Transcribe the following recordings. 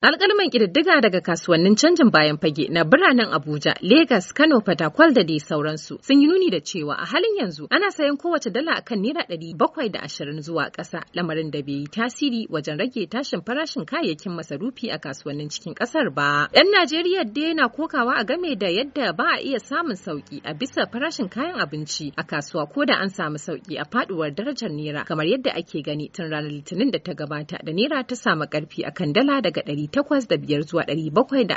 Alƙalman ƙididdiga daga kasuwannin canjin bayan fage na biranen Abuja, Legas, Kano, Fatakwal da dai sauransu sun yi nuni da cewa a halin yanzu ana sayan kowace dala akan naira ɗari bakwai da ashirin zuwa ƙasa, lamarin da bai yi tasiri wajen rage tashin farashin kayayyakin masarufi a kasuwannin cikin ƙasar ba. ‘Yan Najeriya dai na kokawa a game da yadda ba a iya samun sauƙi a bisa farashin kayan abinci a kasuwa ko da an samu sauƙi a faɗuwar darajar nera kamar yadda ake gani tun ranar Litinin da ta gabata da naira ta samu ƙarfi akan dala daga ɗari biyar zuwa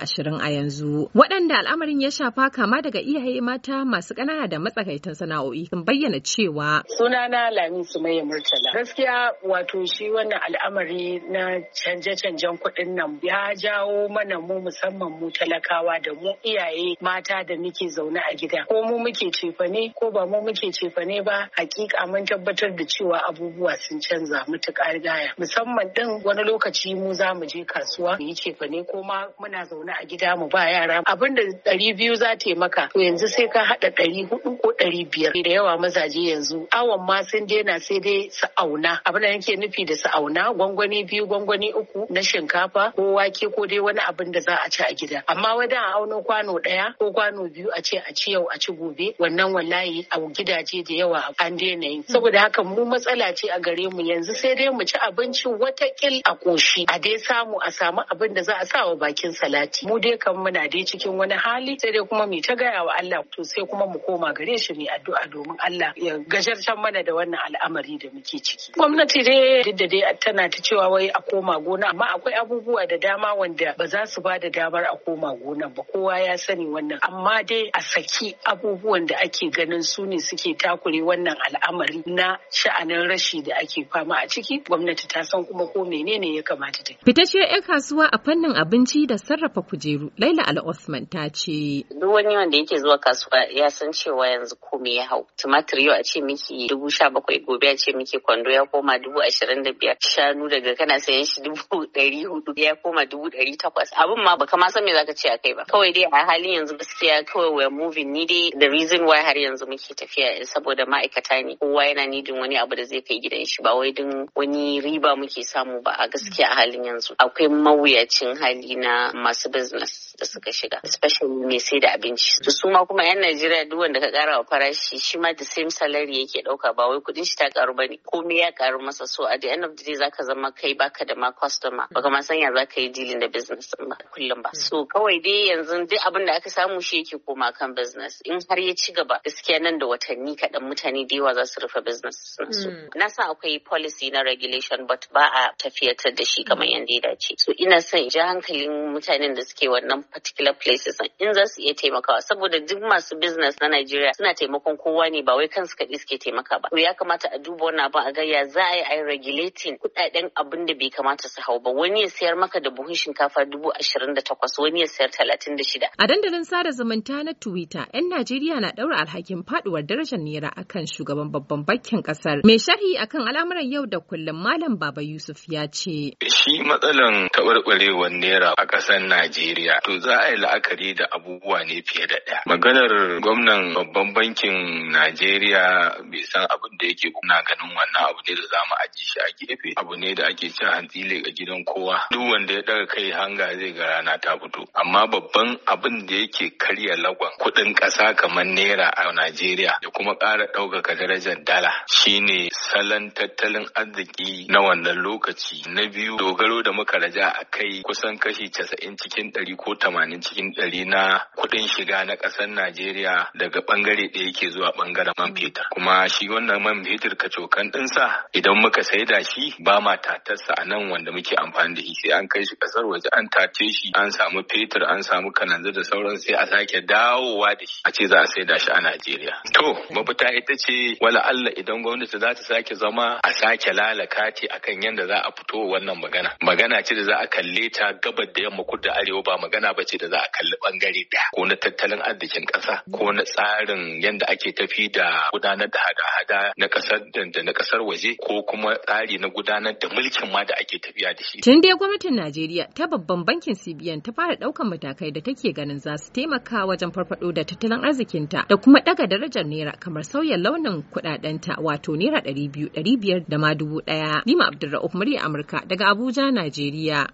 ashirin a yanzu. Waɗanda al'amarin ya shafa kama daga iyaye mata masu ƙanana da matsakaitan sana'o'i sun bayyana cewa. Sunana Lami Sumaye Murtala. Gaskiya wato shi wannan al'amari na canje-canjen kuɗin nan ya jawo mana mu musamman mu talakawa da mu iyaye mata da muke zaune a gida. Ko mu muke cefane ko ba mu muke cefane ba hakika mun tabbatar da cewa abubuwa sun canza mutuƙar gaya. Musamman ɗin wani lokaci mu za mu je kasuwa mu yi ne ko ma muna zaune a gida mu ba yara abin da ɗari biyu za ta maka to yanzu sai ka haɗa ɗari hudu ko ɗari biyar da yawa mazaje yanzu awon ma sun daina sai dai su auna abin da nake nufi da su auna gwangwani biyu gwangwani uku na shinkafa ko wake ko dai wani abin da za a ci a gida amma wadda a auno kwano ɗaya ko kwano biyu a ce a ci yau a ci gobe wannan wallahi a gidaje da yawa an daina yi saboda haka mu matsala ce a gare mu yanzu sai dai mu ci abinci watakil a ƙoshi a dai samu a samu abin da za a sa wa bakin salati mu dai kan muna dai cikin wani hali sai dai kuma mu ta gaya wa Allah to sai kuma mu koma gare shi mu addu'a domin Allah ya gajartar mana da wannan al'amari da muke ciki gwamnati dai duk da dai tana ta cewa wai a koma gona amma akwai abubuwa da dama wanda ba za su ba da damar a koma gona ba kowa ya sani wannan amma dai a saki abubuwan da ake ganin su ne suke takure wannan al'amari na sha'anin rashi da ake fama a ciki gwamnati ta san kuma ko menene ya kamata ta fitashe 'yan kasuwa kwarewa a fannin abinci da sarrafa kujeru Laila Al-Osman ta ce. Duk wani wanda yake zuwa kasuwa ya san cewa yanzu kome ya hau. Tumatir yau a ce miki dubu sha bakwai gobe a ce miki kwando ya koma dubu ashirin da biyar. Shanu daga kana sayan shi dubu ɗari hudu ya koma dubu ɗari takwas. Abin ma baka ma san me zaka ce a kai ba. Kawai dai a halin yanzu gaskiya kawai we moving ni dai the reason why har yanzu muke tafiya saboda ma'aikata ne. Kowa yana nidin wani abu da zai kai gidan shi ba wai din wani riba muke samu ba a gaskiya a halin yanzu. Akwai mawuyi cin hali na masu business. da suka shiga especially mai sai da abinci to su ma kuma yan Najeriya duk wanda ka kara wa farashi shi ma the same salary yake dauka ba wai kudin shi ta karu bane komai ya karu masa so a the end of the day zaka zama kai baka da ma customer baka ma sanya zaka yi dealing da business din ba kullum ba so kawai dai yanzu duk abin da aka samu shi yake koma kan business in har ya ci gaba gaskiya nan da watanni kaɗan mutane da yawa za su rufe business su hmm. na san akwai policy na regulation but ba a tafiyatar da shi kamar yanda ya dace so ina son ji hankalin mutanen da suke wannan particular places in za su iya taimakawa saboda duk masu business na Nigeria, suna taimakon kowa ne ba wai kansu kaɗai suke taimaka ba. To ya kamata a duba wannan abin a ga ya za a yi a regulating kuɗaɗen abin da bai kamata su hau ba wani ya sayar maka da buhun shinkafa dubu ashirin da takwas wani ya sayar talatin da shida. A dandalin sada zumunta na Twitter 'yan Najeriya na ɗaura alhakin faɗuwar darajar naira akan shugaban babban bankin ƙasar. Mai sharhi akan al'amuran yau da kullum Malam Baba Yusuf ya ce. Shi matsalan taɓarɓarewar naira a ƙasar Najeriya to to za a yi la'akari da abubuwa ne fiye da ɗaya. Maganar gwamnan babban bankin Najeriya bai san abin da yake kuna ganin wannan abu ne da za mu ajiye shi a gefe abu ne da ake cin hantsile ga gidan kowa duk wanda ya ɗaga kai hanga zai ga rana ta fito amma babban abin da yake karya lagon kuɗin ƙasa kamar naira a Najeriya da kuma ƙara ɗaukaka darajar dala shine salon tattalin arziki na wannan lokaci na biyu dogaro da muka raja a kai kusan kashi casa'in cikin ɗari ko tamanin cikin ɗari na kudin shiga na ƙasar Najeriya daga ɓangare ɗaya yake zuwa ɓangaren man fetur. Kuma shi wannan man fetur kacokan ɗinsa idan muka da shi ba ma tatarsa a nan wanda muke amfani da shi sai an kai shi ƙasar waje an tace shi an samu fetur an samu kananzu da sauran sai a sake dawowa da shi a ce za a sai da shi a Najeriya. To mafita ita ce wala Allah idan gwamnati za ta sake zama a sake lalaka ce akan yadda za a fito wannan magana. Magana ce da za a kalle ta gabar da yamma kudu da arewa ba magana ba ce da za a kalli ɓangare ɗaya. ko na tattalin arzikin ƙasa ko na tsarin yadda ake tafi da gudanar da hada-hada na ƙasar da na ƙasar waje ko kuma tsari na gudanar da mulkin ma da ake tafiya da shi. Tun dai gwamnatin Najeriya ta babban bankin CBN ta fara ɗaukan matakai da take ganin za su taimaka wajen farfaɗo da tattalin arzikinta da kuma ɗaga darajar naira kamar sauya launin kuɗaɗenta wato naira ɗari biyu ɗari biyar da ma dubu ɗaya. Lima Abdulrahman murya Amurka daga Abuja, Najeriya.